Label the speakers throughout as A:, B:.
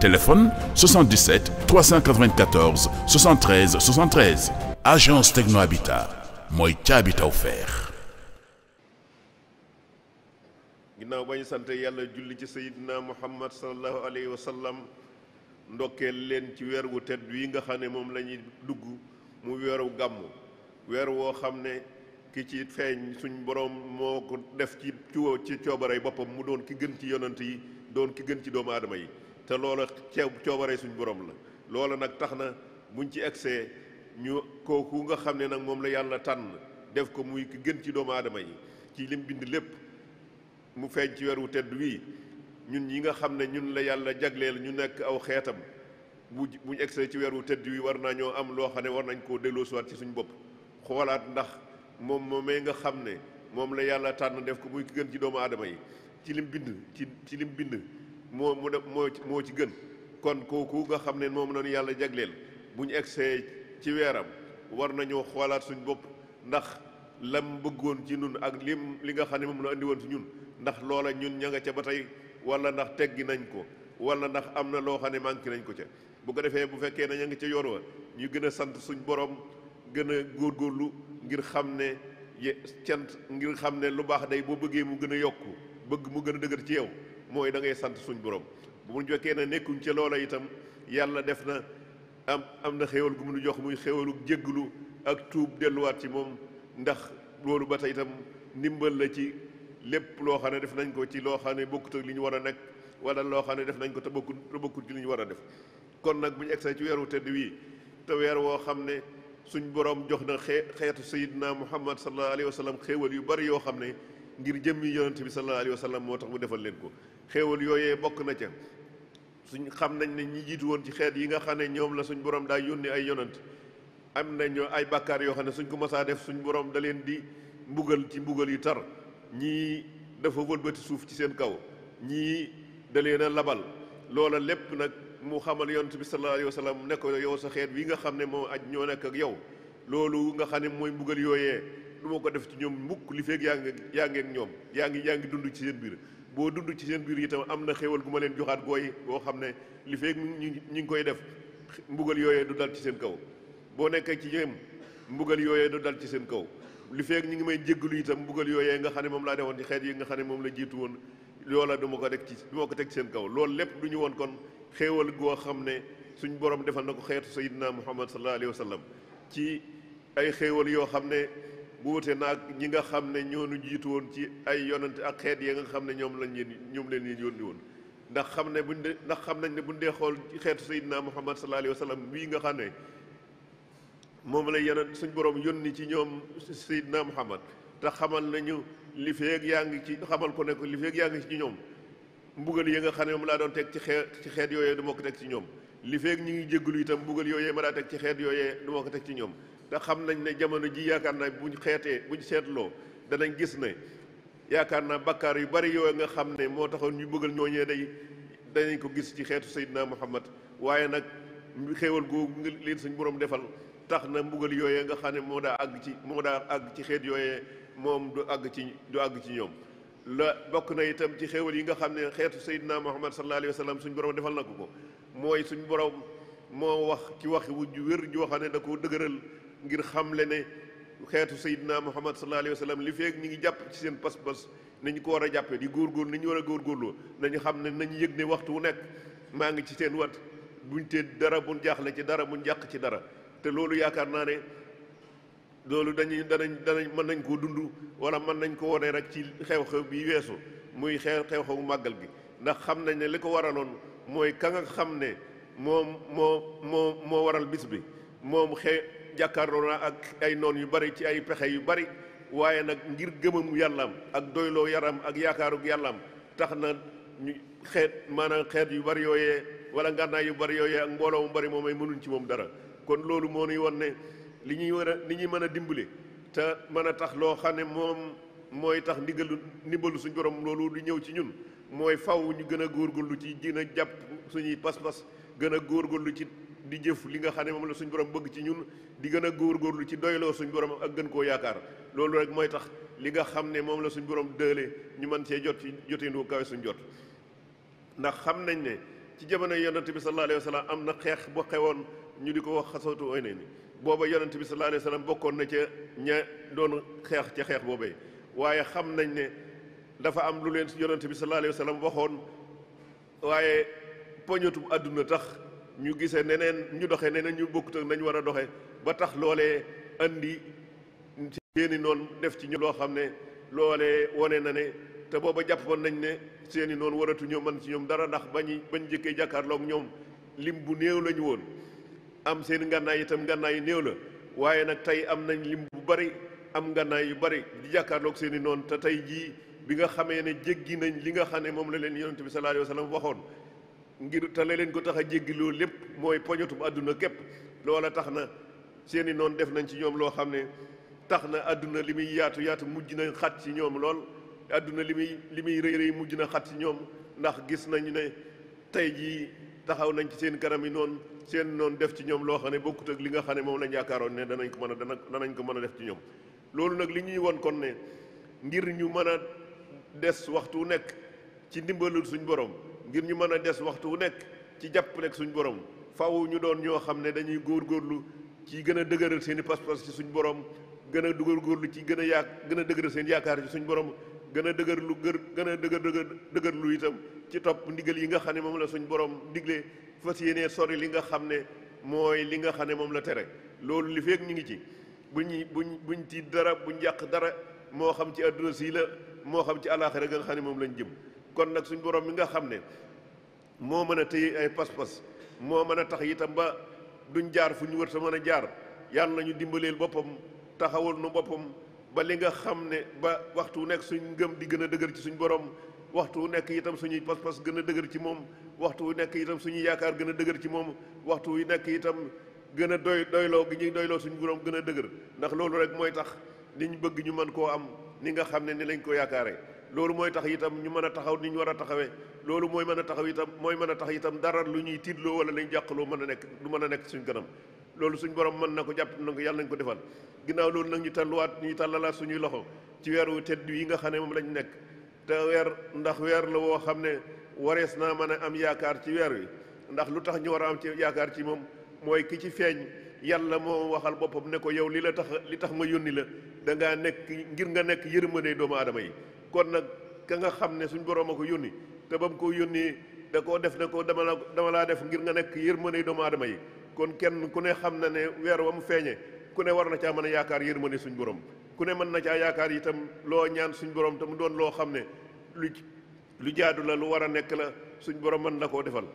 A: téléphone 77 394 73 73 agence Techno Habitat mooy ca Habitat offert. ginnaaw ba sant yàlla julli ci sayidina muhammad sallallahu alayhi wa sallam ndokkeel leen ci weer wu tedd wi nga xam ne moom lañuy dugg mu weeru gàmmu weer woo xam ne ki ci feeñ suñ borom moo ko def ci ci coobaray boppam mu doon ki gën ci yonant yi doon ki gën ci doomu aadama yi. te loola ceeb coobaree suñ boroom la loola nag tax na buñ ci egsee ñu kooku nga xam ne nag moom la yàlla tànn def ko muy ki gën ci doomu aadama yi ci lim bind lépp mu feeñ ci weeru tedd wii ñun yi nga xam ne ñun la yàlla jagleel ñu nekk aw xeetam bu buñ egsee ci weeru tedd wii war naa ñoo am loo xam ne war nañ koo delloosiwaat ci suñ bopp xoolaat ndax moom moomee nga xam ne moom la yàlla tànn def ko muy gën ci doomu aadama yi ci ci lim bind moo mu de moo moo ci gën kon kooku nga xam ne moom lañu yàlla jagleel bu ñu egsee ci weeram war nañoo xoolaat suñu bopp ndax lam bëggoon ci ñun ak lim li nga xam ne moom la indi woon ci ñun ndax loola ñun ña nga ca ba tey wala ndax teggi nañ ko wala ndax am na loo xam ne manqué nañ ko ca bu ko defee bu fekkee na ña ngi ca yoon wa ñu gën a sant suñu boroom gën a góor góorlu ngir xam ne cant ngir xam ne lu baax day boo bëggee mu gën a yokk bëgg mu gën a dëgër ci yow mooy da ngay sant suñ borom bu ñu jokkee ne nekkuñ ca loola itam yàlla def na am am na xéewal gu mu nu jox muy xéewalu jégglu ak tuub delluwaat ci moom ndax loolu ba tey itam ndimbal la ci lépp loo xam ne def nañ ko ci loo xam ne bokkut ak li ñu war a nekk wala loo xam ne def nañ ko te bokkut te bokkut ci ñu war a def kon nag bu ñu egsee ci weeru tedd wii te weer woo xam ne suñ borom jox na xee xeetu sayidna muhammad sallallahu alayhi wa sallam xéewal yu bari yoo xam ne ngir jëmmi yonente bi sallallahu alayhi wa moo tax mu defal leen ko xéewal yooyee bokk na ca suñ xam nañ ne ñi jiitu woon ci xeet yi nga xam ne ñoom la suñ borom daa yónni ay yonant am nañ nañu ay bàkkaar yoo xam ne suñ ko masaa def suñ boroom da leen di mbugal ci mbugal yi tar ñii dafa wëlbati suuf ci seen kaw ñii da leen a labal loola lépp nag mu xamal yonent bi sallallahu alayhi wa sallam ne ko yow sa xeet bi nga xam ne moo aj ñoo nekk ak yow loolu nga xam ne mooy mbugal yooyee du ma ko def ci ñoom mbukk li feeg yaa ngi yaa ngi yaa ngi yaa dund ci seen biir boo dudd ci seen biir tam am na xéewal gu ma leen joxaat gooy boo xam ne li feeg ñu ñu ngi koy def mbugal yooyee du dal ci seen kaw boo nekkee ci ñoom mbugal yooyee du dal ci seen kaw li feeg ñu ngi may jéggalu itam mbugal yooyee nga xam ne moom laa defoon ci xeet yi nga xam ne moom la jiitu woon loola du ma ko deg ci du ko teg ci seen kaw loolu lépp du ñu woon kon xéewal goo xam ne suñ borom defal na ko xeetu sayidina muhammad sallallahu alayhi wa sallam ci ay xéewal yoo xam ne bu wute naag ñi nga xam ne ñoonu jiitu woon ci ay yonante ak xeet ya nga xam ne ñoom lañ leen ñoom leen leen yónni woon ndax xam ne buñ de ndax xam nañ ne buñ dee xool ci xeetu Seydina Muhammad sallallahu alayhi wa sallam bii nga xam ne moom la yonent suñ borom yónni ci ñoom Seydina Muhammad te xamal nañu li feeg yaa ngi ci xamal ko ne ko li feeg yaa ngi ci ñoom mbugal yi nga xam ne moom laa doon teg ci xeet xeet yooyee du ko teg ci ñoom li feeg ñu ngi jégalu itam mbugal yooyee ma daa teg ci xeet yooyee du ko teg ci ñoom te xam nañ ne jamono ji yaakaar naa buñ xeetee buñ seetloo danañ gis ne yaakaar naa bakkaar yu bari yooyu nga xam ne moo taxoon ñu bëggal ñooñee day danañ ko gis ci xeetu Seydina Muhammad waaye nag xéewal googu nga leen suñ borom defal tax na mbugal yooyee nga xam ne moo daa àgg ci moo daa àgg ci xeet yooyee moom du àgg ci du àgg ci ñoom la bokk na itam ci xéewal yi nga xam ne xeetu Seydina Muhammad sallallahu alayhi wa sallam suñ borom defal na ko ko mooy suñ borom moo wax ci wax wu ju wér joo xam ne da ko dëgëral ngir xamle ne xeetu sayidina muhammad sallallahu alayhi wa sallam li feeg ñu ngi jàpp ci seen pas-pas ñu ko war a jàppee di góorgóorlu ñu war a góorgóorlu nañu xam ne nañu yëg ne waxtu wu nekk maa ngi ci seen wat buñ te dara buñ jaaxle ci dara buñ jàq ci dara te loolu yaakaar naa ne loolu dañuy danañ danañ mën nañ koo dund wala mën nañ ko wone rek ci xew-xew bi weesu muy xew xew-xewu màggal bi ndax xam nañ ne li ko waraloon mooy ka nga xam ne moom moo moo moo waral bis bi moom xëy jàkkaarloo na ak ay noon yu bari ci ay pexe yu bari waaye nag ngir gëmam yàllaam ak doyloo yaram ak yaakaarug yàllaam tax na ñu xeet maanaam xeet yu bari yooyee wala ngànnaay yu bari yooyee ak mbooloo mu bari moomay mënuñ ci moom dara kon loolu moo ñuy won ne li ñuy war a li ñuy mën a dimbali te mën a tax loo xam ne moom mooy tax ndigalu ndimbalu suñu borom loolu di ñëw ci ñun mooy faw ñu gën a lu ci gën a jàpp suñuy pas-pas gën a góorgóorlu ci di jëf li nga xam ne moom la suñ borom bëgg ci ñun di gën a góorgóorlu ci doyloo suñ borom ak gën koo yaakaar loolu rek mooy tax li nga xam ne moom la suñ borom dëële ñu mën cee jot ci jotindu kawe suñ jot ndax xam nañ ne ci jamono yonent bi sallallahu alayhi wa am na xeex bu xewoon ñu di ko wax xasawtu oy ne ni booba yonent bi sallallahu alayhi wa sallam bokkoon na ca ña doon xeex ca xeex boobee waaye xam nañ ne dafa am lu leen yonent bi sallallahu alayhi wa sallam waxoon waaye poñatu àdduna tax ñu gisee neneen ñu doxe neneen ñu bokkute ak nañ war a doxe ba tax loolee andi seeni noon def ci ñoom loo xam ne loolee wane na ne te booba jàppoon nañ ne seeni noonu waratuñoo mën ci ñoom dara ndax ba bañu bañ jëkkee jàkkaarloog ñoom lim bu néew lañu woon am seen ngànnaay itam ngànnaay yi néew la waaye nag tey am nañ lim bu bari am ngànnaay yu bari di jàkkaarloog seeni noon te tey jii bi nga xamee ne jéggi nañ li nga xam ne moom la leen yonent bi sallallahu alayhi waxoon ngir te la leen ko tax a jéggi loolu lépp mooy poñatum àdduna képp loola tax na seeni noonu def nañ ci ñoom loo xam ne tax na àdduna li muy yaatu yaatu mujj na xat ci ñoom lool àdduna li muy li muy rëy rëy mujj na xat ci ñoom ndax gis nañu ne tey jii taxaw nañ ci seen kanam yi noonu seen noonu def ci ñoom loo xam ne bokkut li nga xam ne moom lañ yaakaaroon ne danañ ko mën a danañ ko mën a def ci ñoom loolu nag li ñuy won kon ne ngir ñu mën a des waxtu nekk ci ndimbalul suñ borom ngir ñu mën a des waxtu wu nekk ci jàppaleeg suñu borom faaw ñu doon ñoo xam ne dañuy góorgóorlu ci gën a dëgëral seen i pas-pas ci suñu borom gën a góorgóorlu ci gën a yaa gën a dëgëral seen yaakaar ci suñu borom gën a dëgër lu gër gën a dëgër dëgër dëgër lu itam ci topp ndigal yi nga xam ne moom la suñu borom digle fas yéenee sori li nga xam ne mooy li nga xam ne moom la tere loolu li feek ñu ngi ci bu buñu buñ buñ tiit dara buñ yàq dara moo xam ci àdduna si la moo xam ci àllaaxira nga xam ne moom lañ jëm kon nag suñ borom mi nga xam ne moo mën a téye ay pas-pas moo mën a tax itam ba duñ jaar fu ñu wër sa mën a jaar yàlla nañu dimbaleel boppam taxawul nu boppam ba li nga xam ne ba waxtu nekk suñ ngëm di gën a dëgër ci suñu borom waxtu nekk itam suñuy pas gën a dëgër ci moom waxtu nekk itam suñuy yaakaar gën a dëgër ci moom waxtu nekk itam gën a doy doyloo gi ñuy doyloo suñu borom gën a dëgër ndax loolu rek mooy tax liñ bëgg ñu mën koo am ni nga xam ne ni lañ ko yaakaaree loolu mooy tax itam ñu mën a taxaw ni ñu war a taxawee loolu mooy mën a taxaw itam mooy mën a tax itam dara lu ñuy tiitloo wala lañ jàqaloo mën a nekk du mën a nekk suñ kanam loolu suñ borom mën na ko jàpp na ko yàlla nañ ko defal ginnaaw loolu nag ñu talluwaat ñu tàllalaat suñuy loxo ci weeru tedd yi nga xam ne moom lañu nekk te weer ndax weer la woo xam ne warees naa mën a am yaakaar ci weer wi ndax lu tax ñu war a am ci yaakaar ci moom mooy ki ci feeñ yàlla moo waxal boppam ne ko yow li la tax li tax ma yónni la da ngaa nekk ngir nga nekk yërmande doomu aadama yi kon nag ka nga xam ne suñ borom a ko yónni te ba mu ko yónni da koo def ne koo dama la laa def ngir nga nekk yërmande doomu aadama yi kon kenn ku ne xam na ne weer wa mu feeñee ku ne war na caa mën a yaakaar yërmande suñ borom ku ne mën na caa yaakaar itam loo ñaan suñ borom te mu doon loo xam ne lu lu jaadu la lu war a nekk la suñ borom mën na koo defal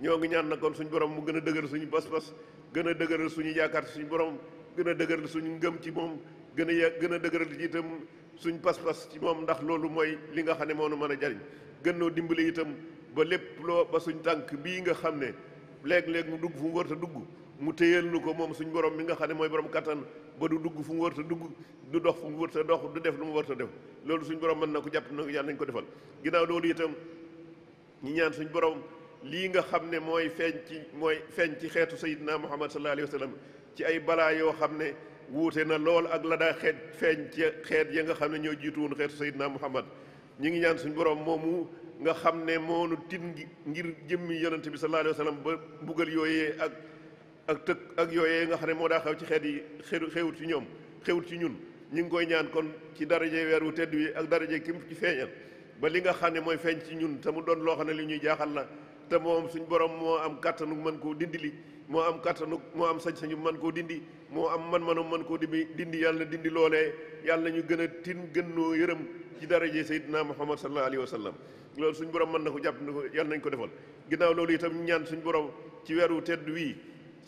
A: ñoo ngi ñaan na kon suñ borom mu gën a dëgëral suñu bas-bas gën a dëgëral suñu yaakaar suñu borom gën a dëgëral suñu ngëm ci moom gën a gën a dëgëral itam suñ pas-pas ci moom ndax loolu mooy li nga xam ne moo nu mën a jariñ gën noo dimbali itam ba lépp loo ba suñ tànk bii nga xam ne léeg-léeg mu dugg war a dugg mu téyal nu ko moom suñ borom mi nga xam ne mooy borom kattan ba du dugg fu mu war a du dox fu mu war dox du def lu mu war a def loolu suñ borom mën na ko jàpp na yàlla nañ ko defal ginnaaw loolu itam ñi ñaan suñ borom lii nga xam ne mooy feeñ ci mooy feeñ ci xeetu sayidina muhammad sallallahu alayhi wa sallam ci ay balaa yoo xam ne wuute na lool ak la daa xeet feeñ ci xeet ya nga xam ne ñoo jiitu woon xeetu Seydina Muhammad ñi ngi ñaan suñu borom moomu nga xam ne moonu tin ngir jëmmi yonent bi sallallahu alayhi wa sallam ba mbugal yooyee ak ak tëkk ak yooyee nga xam ne moo daa ci xeet yi xewut ci ñoom xewut ci ñun ñu ngi koy ñaan kon ci daraje weer wu tedd wi ak daraje kim ci feeñal ba li nga xam ne mooy feeñ ci ñun te mu doon loo xam ne li ñuy jaaxal la te moom suñ borom moo am kattanu mën koo dindi li moo am kattanu moo am sañ-sañu mën koo dindi moo am man-manam mën koo dimi dindi yàlla dindi loolee yàlla ñu gën a tin gën noo yërëm ci dara daraje sayyidina muhammad sallallahu alayhi wa sallam loolu suñ borom mën na ko jàpp na ko yàlla nañ ko defal ginnaaw loolu itam ñaan suñ borom ci weeru tedd wii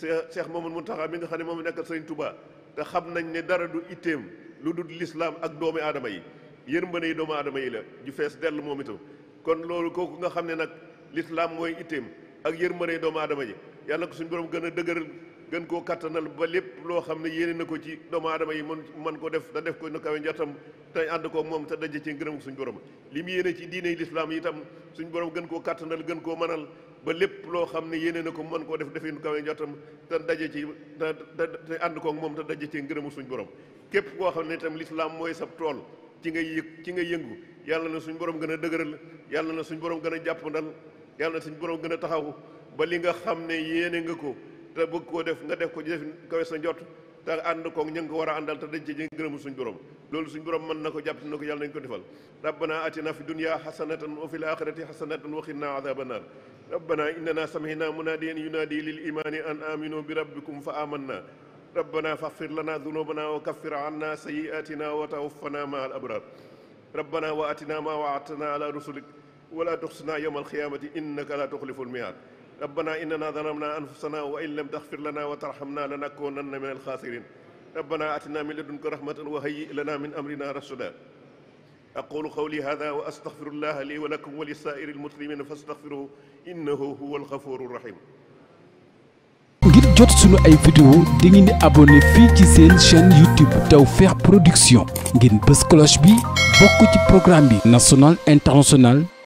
A: Cheikh Mamadou Mountakha bi nga xam ne moom nekkal sañu tubaa te xam nañ ne dara du itteem lu dul lislaam ak doomi aadama yi yërmande yi doomu aadama yi la ju fees dell moom itam kon loolu kooku nga xam ne nag lislaam mooy itteem ak yërmande yi doomu aadama yi yàlla suñ borom gën a dëgëral gën koo kattanal ba lépp loo xam ne yéene na ko ci doomu aadama yi man man ko def da def ko na kawe njottam te ànd ko moom te daje ci ngërëm suñ borom li mu yéene ci diine lislaam itam suñ borom gën koo kattanal gën koo manal ba lépp loo xam ne yéene na ko mën koo def definu kawe njottam te daje ci te te ànd ko moom te daje ci ngërëmu suñ borom képp koo xam ne itam lislaam mooy sab tool ci nga yëg ci nga yëngu yàlla na suñ borom gën a dëgëral yàlla na suñ borom gën a jàppandal yàlla na suñ borom gën a taxaw ba li nga xam ne yéene nga ko te bëgg koo def nga def ko def kawe sa njot te ànd koog ña ko war a àndal te dañ ci gërëmu suñ borom loolu suñ borom mën na ko jàpp na ko yàlla nañ ko defal rabbana atina fi dunya hasanatan wa fil akhirati hasanatan wa qina adhaban nar rabbana innana sami'na munadiyan yunadi lil imani an aminu bi rabbikum fa amanna rabbana faghfir lana dhunubana wa kaffir anna sayyi'atina wa tawaffana ma'al abrar rabbana wa atina ma wa'adtana ala rusulik wa la tukhzina yawmal qiyamati innaka la tukhlifu al mi'ad ربنا إننا ظلمنا أنفسنا وإن لم تغفر لنا وترحمنا لنكونن من الخاسرين ربنا آتنا من لدنك رحمة وهيئ لنا من أمرنا رشدا أقول قولي هذا وأستغفر الله لي ولكم ولسائر المسلمين فاستغفروه إنه هو الغفور الرحيم ngir jot sunu ay vidéo di ngeen di abonné fii ci seen chaîne YouTube Tawfekh Production ngeen bës cloche bi bokk ci programme bi national international